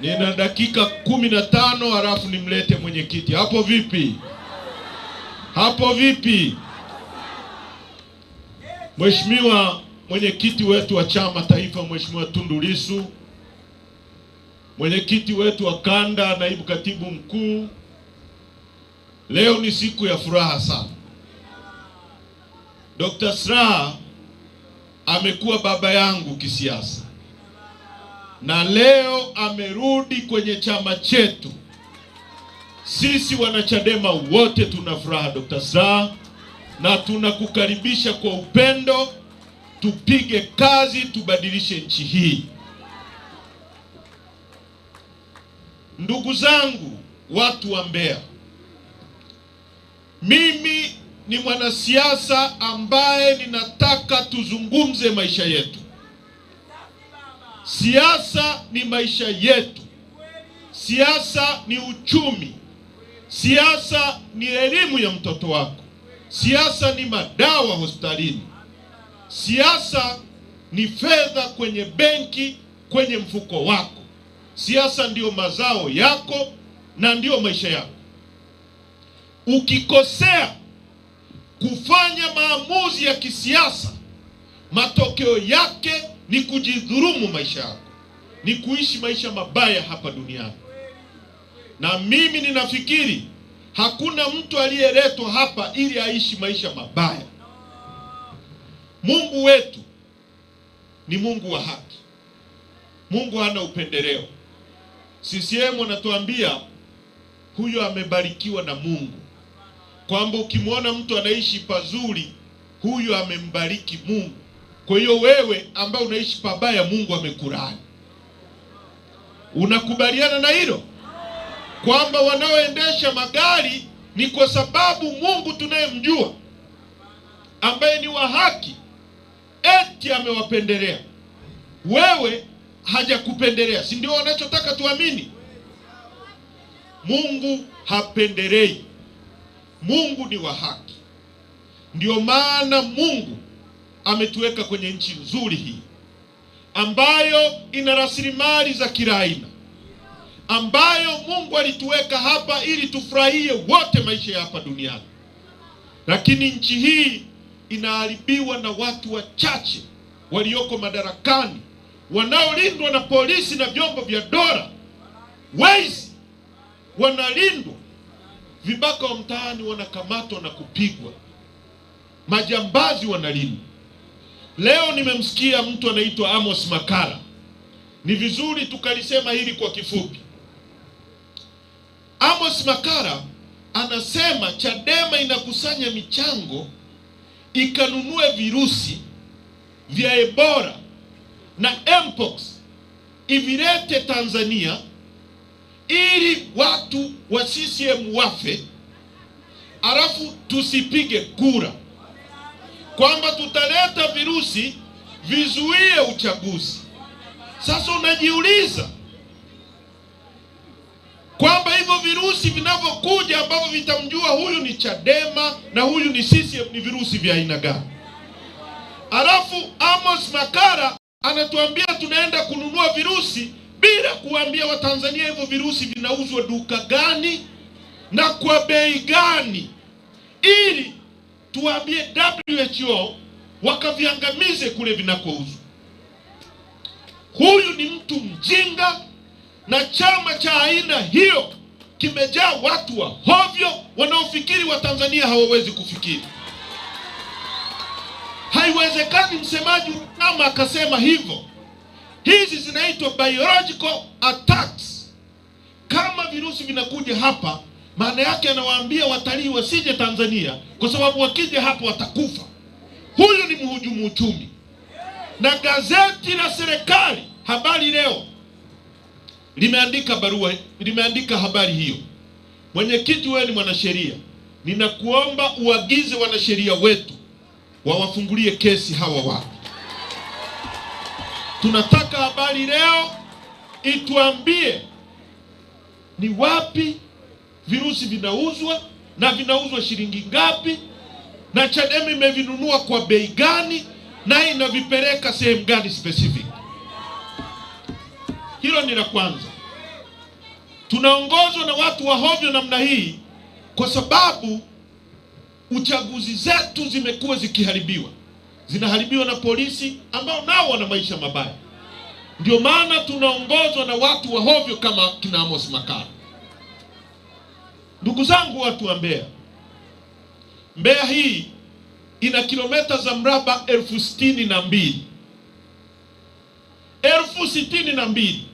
Nina dakika kumi na tano halafu nimlete mwenyekiti. Hapo vipi? Hapo vipi? Mheshimiwa mwenyekiti wetu wa chama taifa, Mheshimiwa Tundu Lissu, mwenyekiti wetu wa kanda, naibu katibu mkuu, leo ni siku ya furaha sana. Dr. Slaa amekuwa baba yangu kisiasa na leo amerudi kwenye chama chetu. Sisi wanachadema wote tuna furaha Dr. Slaa, na tunakukaribisha kwa upendo. Tupige kazi, tubadilishe nchi hii. Ndugu zangu, watu wa Mbeya, mimi ni mwanasiasa ambaye ninataka tuzungumze maisha yetu. Siasa ni maisha yetu, siasa ni uchumi, siasa ni elimu ya mtoto wako, siasa ni madawa hospitalini, siasa ni fedha kwenye benki, kwenye mfuko wako. Siasa ndiyo mazao yako na ndiyo maisha yako. Ukikosea kufanya maamuzi ya kisiasa matokeo yake ni kujidhurumu maisha yako, ni kuishi maisha mabaya hapa duniani. Na mimi ninafikiri hakuna mtu aliyeletwa hapa ili aishi maisha mabaya. Mungu wetu ni Mungu wa haki, Mungu hana upendeleo. CCM anatuambia huyo amebarikiwa na Mungu, kwamba ukimwona mtu anaishi pazuri, huyo amembariki Mungu. Kwa hiyo wewe ambaye unaishi pabaya, Mungu amekurani. Unakubaliana na hilo kwamba wanaoendesha magari ni kwa sababu Mungu tunayemjua ambaye ni wa haki eti amewapendelea wewe, hajakupendelea. Si ndio wanachotaka tuamini? Mungu hapendelei. Mungu ni wa haki, ndio maana Mungu ametuweka kwenye nchi nzuri hii ambayo ina rasilimali za kila aina, ambayo Mungu alituweka hapa ili tufurahie wote maisha ya hapa duniani. Lakini nchi hii inaharibiwa na watu wachache walioko madarakani, wanaolindwa na polisi na vyombo vya dola. Wezi wanalindwa, vibaka wa mtaani wanakamatwa na kupigwa, majambazi wanalindwa Leo nimemsikia mtu anaitwa Amos Makala. Ni vizuri tukalisema hili kwa kifupi. Amos Makala anasema Chadema inakusanya michango ikanunue virusi vya Ebola na Mpox ivilete Tanzania ili watu wa CCM wafe, alafu tusipige kura kwamba tutaleta virusi vizuie uchaguzi. Sasa unajiuliza kwamba hivyo virusi vinavyokuja ambavyo vitamjua huyu ni Chadema na huyu ni sisi ni virusi vya aina gani? Alafu Amos Makara anatuambia tunaenda kununua virusi bila kuambia Watanzania hivyo virusi vinauzwa duka gani na kwa bei gani, ili tuwaambie WHO wakaviangamize kule vinakouzwa. Huyu ni mtu mjinga, na chama cha aina hiyo kimejaa watu wa hovyo wanaofikiri Watanzania hawawezi kufikiri. Haiwezekani msemaji wa chama akasema hivyo. Hizi zinaitwa biological attacks. Kama virusi vinakuja hapa maana yake anawaambia watalii wasije Tanzania kwa sababu wakija hapo watakufa. Huyu ni mhujumu uchumi, na gazeti la serikali Habari Leo limeandika barua, limeandika habari hiyo. Mwenyekiti, wewe ni mwanasheria, ninakuomba uagize wanasheria wetu wawafungulie kesi hawa watu. Tunataka Habari Leo ituambie ni wapi virusi vinauzwa na vinauzwa shilingi ngapi, na Chadema imevinunua kwa bei gani, na inavipeleka sehemu gani specific. Hilo ni la kwanza. Tunaongozwa na watu wa hovyo namna hii kwa sababu uchaguzi zetu zimekuwa zikiharibiwa, zinaharibiwa na polisi ambao nao wana maisha mabaya. Ndio maana tunaongozwa na watu wa hovyo kama kina Amos Makala. Ndugu zangu watu wa Mbeya, Mbeya hii ina kilomita za mraba elfu sitini na mbili elfu sitini na mbili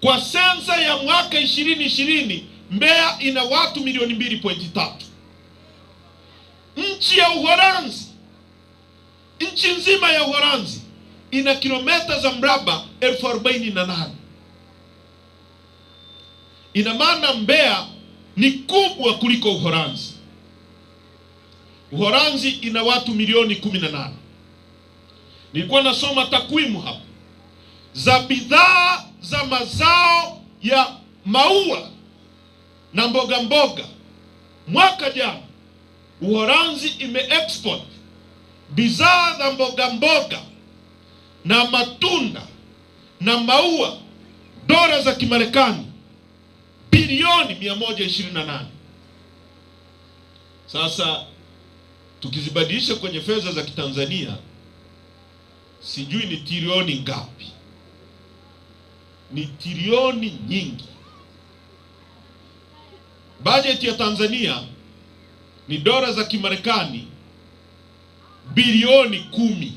Kwa sensa ya mwaka ishirini ishirini Mbeya ina watu milioni mbili pointi tatu. Nchi ya Uholanzi, nchi nzima ya Uholanzi ina kilomita za mraba elfu arobaini na nane Ina maana Mbeya ni kubwa kuliko Uholanzi. Uholanzi ina watu milioni kumi na nane. Nilikuwa nasoma takwimu hapo za bidhaa za mazao ya maua na mboga mboga. Mwaka jana Uholanzi imeexport bidhaa za mboga mboga na matunda na maua dola za Kimarekani bilioni 128. Sasa tukizibadilisha kwenye fedha za Kitanzania sijui ni trilioni ngapi? Ni trilioni nyingi. Bajeti ya Tanzania ni dola za Kimarekani bilioni kumi.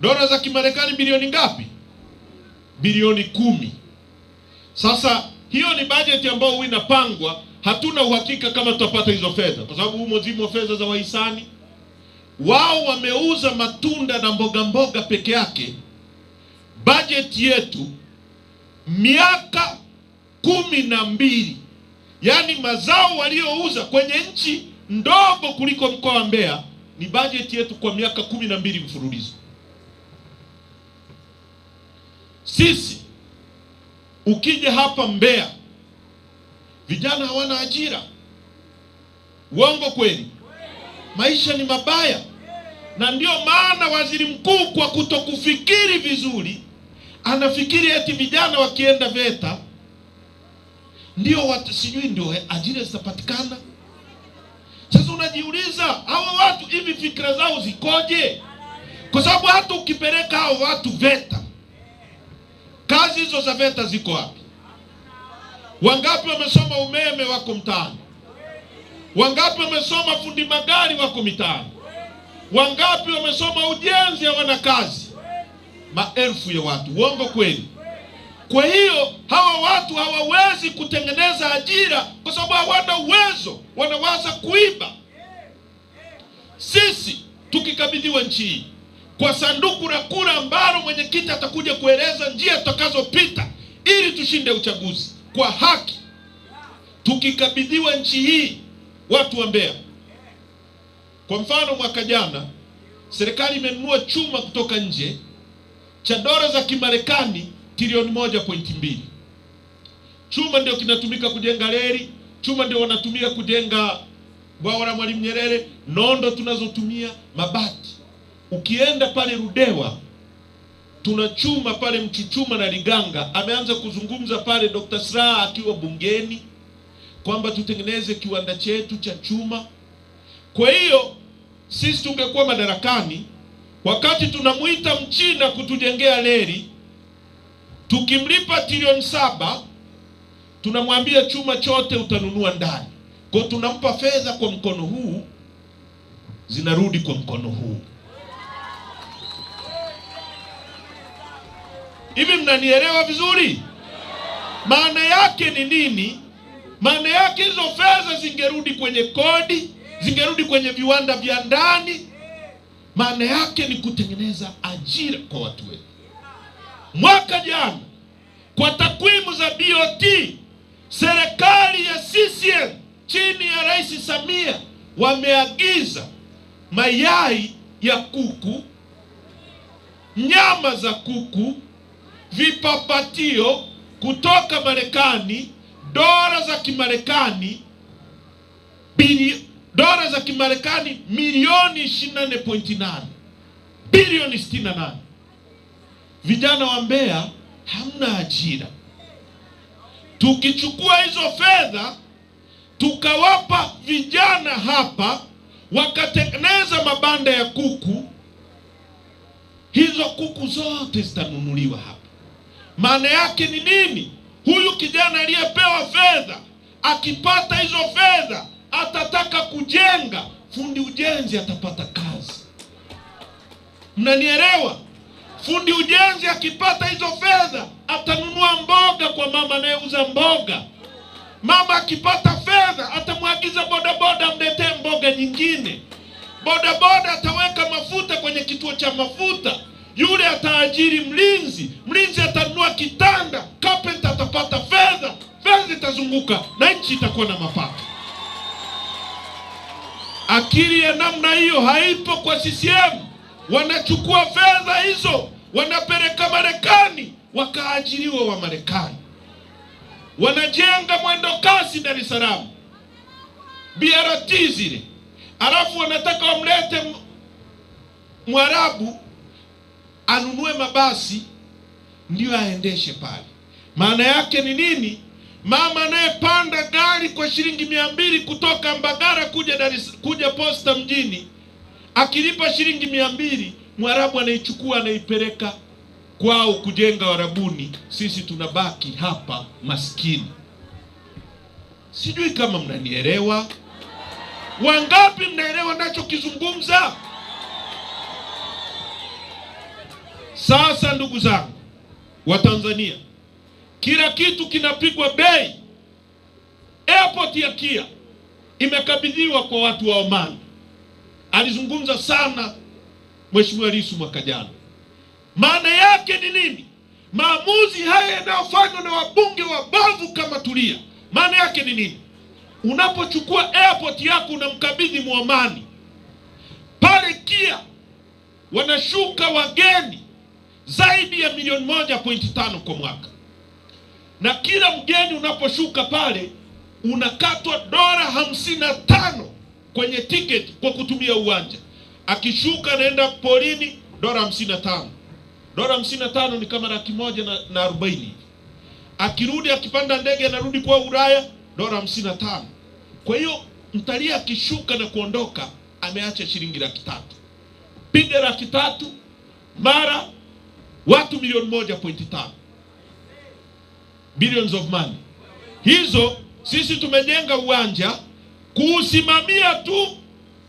Dola za Kimarekani bilioni ngapi? Bilioni kumi. Sasa hiyo ni bajeti ambayo huwa inapangwa. Hatuna uhakika kama tutapata hizo fedha, kwa sababu humo zimo fedha za wahisani. Wao wameuza matunda na mboga mboga peke yake. Bajeti yetu miaka kumi na mbili, yaani mazao waliouza kwenye nchi ndogo kuliko mkoa wa Mbeya ni bajeti yetu kwa miaka kumi na mbili mfululizo. Sisi Ukija hapa Mbeya, vijana hawana ajira. Uongo kweli? Maisha ni mabaya, na ndio maana waziri mkuu kwa kutokufikiri vizuri anafikiri eti vijana wakienda VETA ndio watu sijui ndio eh, ajira zitapatikana. Sasa unajiuliza hawa watu hivi fikra zao zikoje? Kwa sababu hata ukipeleka hao watu VETA Kazi hizo za VETA ziko wapi? Wangapi wamesoma umeme wako mtaani? Wangapi wamesoma fundi magari wako mitaani? Wangapi wamesoma ujenzi hawana kazi? Maelfu ya watu. Uongo kweli? Kwa hiyo hawa watu hawawezi kutengeneza ajira kwa sababu hawana uwezo, wanawaza kuiba. Sisi tukikabidhiwa nchi hii kwa sanduku la kura ambalo mwenyekiti atakuja kueleza njia tutakazopita ili tushinde uchaguzi kwa haki. Tukikabidhiwa nchi hii watu wa Mbeya, kwa mfano mwaka jana serikali imenunua chuma kutoka nje cha dola za Kimarekani trilioni moja pointi mbili. Chuma ndio kinatumika kujenga reli, chuma ndio wanatumia kujenga bwawa la Mwalimu Nyerere, nondo tunazotumia, mabati Ukienda pale Rudewa tunachuma pale Mchuchuma na Liganga, ameanza kuzungumza pale Dr. Slaa akiwa bungeni kwamba tutengeneze kiwanda chetu cha chuma. Kwa hiyo sisi tungekuwa madarakani, wakati tunamwita mchina kutujengea reli, tukimlipa trilioni saba, tunamwambia chuma chote utanunua ndani. Kwa tunampa fedha kwa mkono huu, zinarudi kwa mkono huu. Hivi mnanielewa vizuri? Maana yake ni nini? Maana yake hizo fedha zingerudi kwenye kodi, zingerudi kwenye viwanda vya ndani. Maana yake ni kutengeneza ajira kwa watu wetu. Mwaka jana kwa takwimu za BOT, serikali ya CCM chini ya Rais Samia wameagiza mayai ya kuku, nyama za kuku vipambatio kutoka Marekani, dola za Kimarekani, dola za Kimarekani milioni 24.8 bilioni 68. Vijana wa Mbeya hamna ajira. Tukichukua hizo fedha tukawapa vijana hapa, wakatengeneza mabanda ya kuku, hizo kuku zote zitanunuliwa hapa. Maana yake ni nini? Huyu kijana aliyepewa fedha akipata hizo fedha atataka kujenga, fundi ujenzi atapata kazi. Mnanielewa? Fundi ujenzi akipata hizo fedha atanunua mboga kwa mama anayeuza mboga. Mama akipata fedha atamwagiza bodaboda amletee mboga nyingine. Bodaboda ataweka mafuta kwenye kituo cha mafuta. Yule ataajiri mlinzi, mlinzi atanunua kitanda, carpenter atapata fedha, fedha itazunguka na nchi itakuwa na mapato. Akili ya namna hiyo haipo kwa CCM. Wanachukua fedha hizo wanapeleka Marekani, wakaajiriwa wa Marekani, wanajenga mwendo kasi Dar es Salaam, BRT zile, alafu wanataka wamlete Mwarabu anunue mabasi ndiyo aendeshe pale. Maana yake ni nini? Mama anayepanda gari kwa shilingi mia mbili kutoka Mbagara kuja Dar es kuja posta mjini, akilipa shilingi mia mbili mwarabu anaichukua anaipeleka kwao kujenga warabuni, sisi tunabaki hapa maskini. Sijui kama mnanielewa, wangapi mnaelewa nachokizungumza? Sasa ndugu zangu wa Tanzania, kila kitu kinapigwa bei. Airport ya Kia imekabidhiwa kwa watu wa Oman. Alizungumza sana Mheshimiwa Lissu mwaka jana. Maana yake ni nini? Maamuzi haya yanayofanywa na wabunge wabavu kama Tulia, maana yake ni nini? Unapochukua airport yako unamkabidhi Muomani. Pale Kia wanashuka wageni zaidi ya milioni moja pointi tano kwa mwaka, na kila mgeni unaposhuka pale unakatwa dola hamsini na tano kwenye tiketi kwa kutumia uwanja. Akishuka anaenda polini, dola hamsini na tano dola hamsini na tano ni kama laki moja na, na arobaini. Akirudi akipanda ndege anarudi kwa Ulaya, dola hamsini na tano. Kwa hiyo mtalii akishuka na kuondoka ameacha shilingi laki tatu. Piga laki tatu mara watu milioni moja pointi tano billions of money hizo, sisi tumejenga uwanja kuusimamia tu,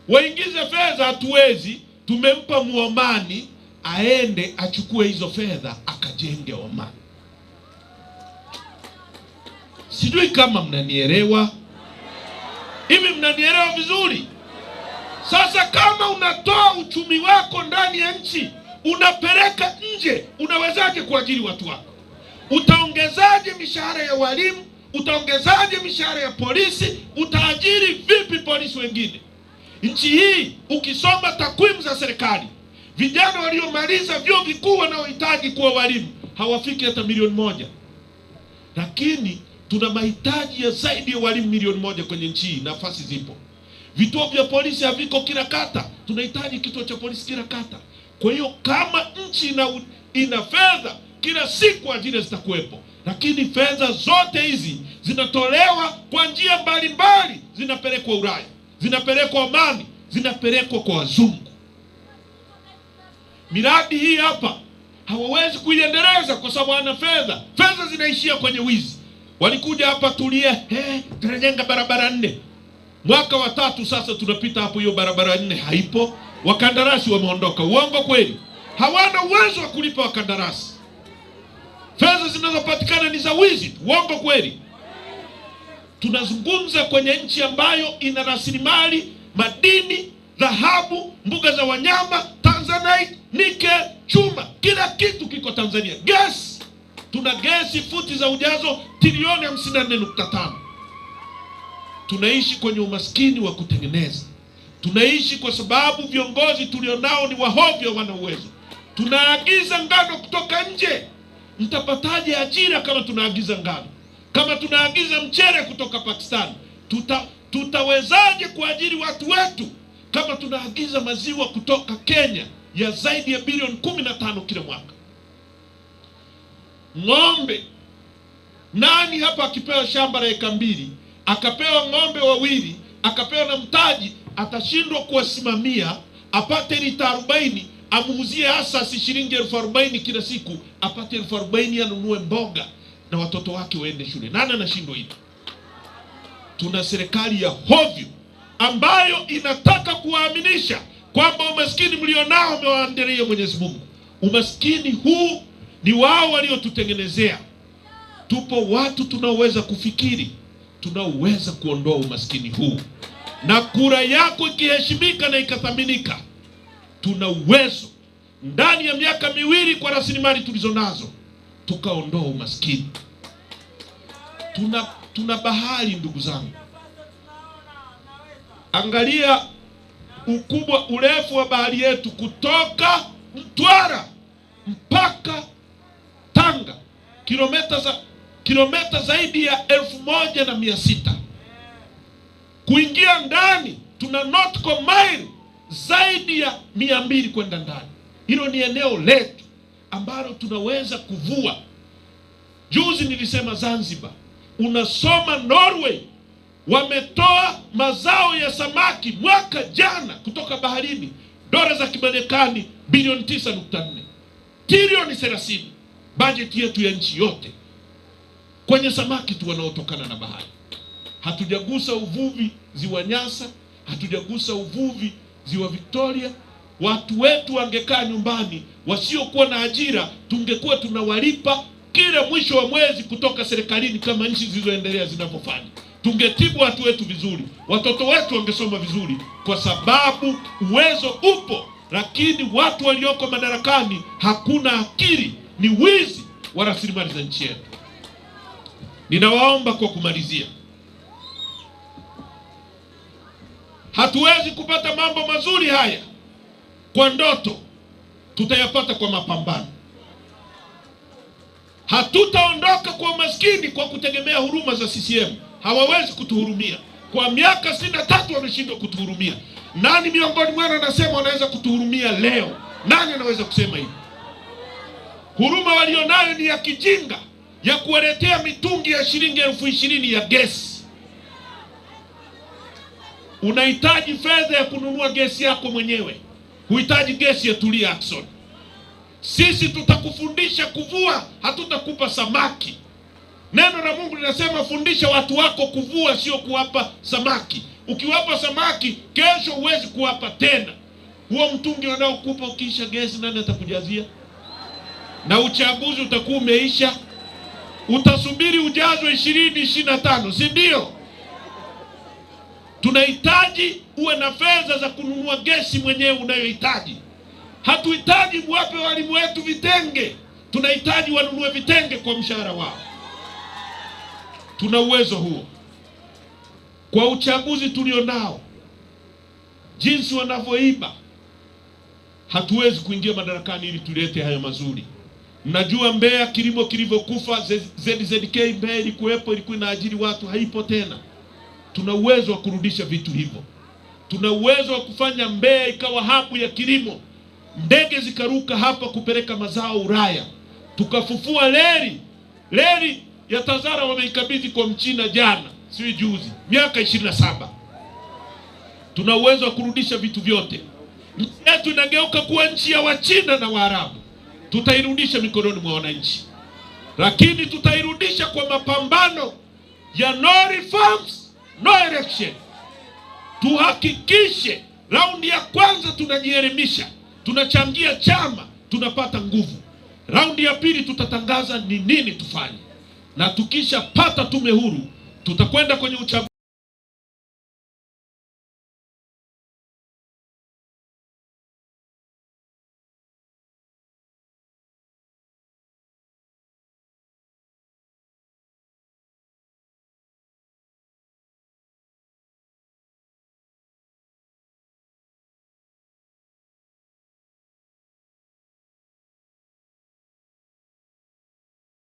waingize fedha hatuwezi. Tumempa muomani aende achukue hizo fedha akajenge Omani. Sijui kama mnanielewa hivi, mnanielewa vizuri? Sasa kama unatoa uchumi wako ndani ya nchi unapeleka nje, unawezaje kuajiri watu wako? Utaongezaje mishahara ya walimu? Utaongezaje mishahara ya polisi? Utaajiri vipi polisi wengine? Nchi hii ukisoma takwimu za serikali, vijana waliomaliza vyuo vikuu wanaohitaji kuwa walimu hawafiki hata milioni moja, lakini tuna mahitaji ya zaidi ya walimu milioni moja kwenye nchi hii. Nafasi zipo, vituo vya polisi haviko kila kata. Tunahitaji kituo cha polisi kila kata. Kwa hiyo kama nchi ina, ina fedha kila siku ajira zitakuwepo, lakini fedha zote hizi zinatolewa kwa njia mbalimbali, zinapelekwa Ulaya, zinapelekwa Omani, zinapelekwa kwa wazungu. Miradi hii hapa hawawezi kuiendeleza kwa sababu ana fedha, fedha zinaishia kwenye wizi. Walikuja hapa tulia, hey, tunajenga barabara nne, mwaka wa tatu sasa tunapita hapo, hiyo barabara nne haipo. Wakandarasi wameondoka. Uongo kweli? Hawana uwezo wa kulipa wakandarasi. Fedha zinazopatikana ni za wizi. Uongo kweli? Tunazungumza kwenye nchi ambayo ina rasilimali madini, dhahabu, mbuga za wanyama, tanzanite, nike chuma, kila kitu kiko Tanzania. Gesi, tuna gesi futi za ujazo trilioni 54.5. Tunaishi kwenye umaskini wa kutengeneza Tunaishi kwa sababu viongozi tulionao ni wahovyo, wana uwezo. Tunaagiza ngano kutoka nje, mtapataje ajira kama tunaagiza ngano? Kama tunaagiza mchele kutoka Pakistan, tuta tutawezaje kuajiri watu wetu kama tunaagiza maziwa kutoka Kenya ya zaidi ya bilioni kumi na tano kila mwaka? Ng'ombe, nani hapa akipewa shamba la eka mbili akapewa ng'ombe wawili akapewa na mtaji atashindwa kuwasimamia apate lita arobaini amuuzie asasi shilingi elfu arobaini kila siku, apate elfu arobaini anunue mboga na watoto wake waende shule. Nani anashindwa hivi? Tuna serikali ya hovyo ambayo inataka kuwaaminisha kwamba umaskini mlionao umewaandalia Mwenyezi Mungu. Umaskini huu ni wao waliotutengenezea. Tupo watu tunaoweza kufikiri, tunaoweza kuondoa umaskini huu na kura yako ikiheshimika na ikathaminika, tuna uwezo ndani ya miaka miwili kwa rasilimali tulizo nazo tukaondoa umaskini. Tuna, tuna bahari ndugu zangu, angalia ukubwa, urefu wa bahari yetu kutoka Mtwara mpaka Tanga kilometa za kilometa zaidi ya elfu moja na mia sita kuingia ndani, tuna north mile zaidi ya mia mbili kwenda ndani. Hilo ni eneo letu ambalo tunaweza kuvua. Juzi nilisema Zanzibar, unasoma Norway wametoa mazao ya samaki mwaka jana kutoka baharini dola za Kimarekani bilioni tisa nukta nne trilioni thelathini, bajeti yetu ya nchi yote kwenye samaki tu wanaotokana na bahari hatujagusa uvuvi ziwa Nyasa, hatujagusa uvuvi ziwa Victoria. Watu wetu wangekaa nyumbani, wasiokuwa na ajira tungekuwa tunawalipa kila mwisho wa mwezi kutoka serikalini, kama nchi zilizoendelea zinavyofanya. Tungetibu watu wetu vizuri, watoto wetu wangesoma vizuri, kwa sababu uwezo upo, lakini watu walioko madarakani hakuna akili, ni wizi wa rasilimali za nchi yetu. Ninawaomba kwa kumalizia Hatuwezi kupata mambo mazuri haya kwa ndoto, tutayapata kwa mapambano. Hatutaondoka kwa umaskini kwa kutegemea huruma za CCM. Hawawezi kutuhurumia kwa miaka sitini na tatu wameshindwa kutuhurumia. Nani miongoni mwenu anasema wanaweza kutuhurumia leo? Nani anaweza kusema hivi? Huruma walionayo ni ya kijinga, ya kuwaletea mitungi ya shilingi elfu ishirini ya gesi Unahitaji fedha ya kununua gesi yako mwenyewe, huhitaji gesi ya Tulia Ackson. Sisi tutakufundisha kuvua, hatutakupa samaki. Neno la Mungu linasema fundisha watu wako kuvua, sio kuwapa samaki. Ukiwapa samaki, kesho huwezi kuwapa tena. Huo mtungi wanaokupa ukiisha gesi, nani atakujazia? Na uchaguzi utakuwa umeisha, utasubiri ujazwe ishirini ishirini na tano, si ndio? Tunahitaji uwe na fedha za kununua gesi mwenyewe unayohitaji. Hatuhitaji mwape walimu wetu vitenge, tunahitaji wanunue vitenge kwa mshahara wao. Tuna uwezo huo. Kwa uchaguzi tulio nao, jinsi wanavyoiba, hatuwezi kuingia madarakani ili tulete hayo mazuri. Mnajua Mbeya kilimo kilivyokufa, ZZK Mbeya ilikuwepo, ilikuwa inaajiri watu, haipo tena. Tuna uwezo wa kurudisha vitu hivyo, tuna uwezo wa kufanya Mbeya ikawa habu ya kilimo, ndege zikaruka hapa kupeleka mazao Ulaya, tukafufua leri leri ya TAZARA wameikabidhi kwa mchina jana, si juzi, miaka ishirini na saba. Tuna uwezo wa kurudisha vitu vyote. Nchi yetu inageuka kuwa nchi ya Wachina na Waarabu. Tutairudisha mikononi mwa wananchi, lakini tutairudisha kwa mapambano ya no reforms no election. Tuhakikishe raundi ya kwanza tunajielimisha, tunachangia chama, tunapata nguvu. Raundi ya pili tutatangaza ni nini tufanye, na tukishapata tume huru tutakwenda kwenye uchaguzi.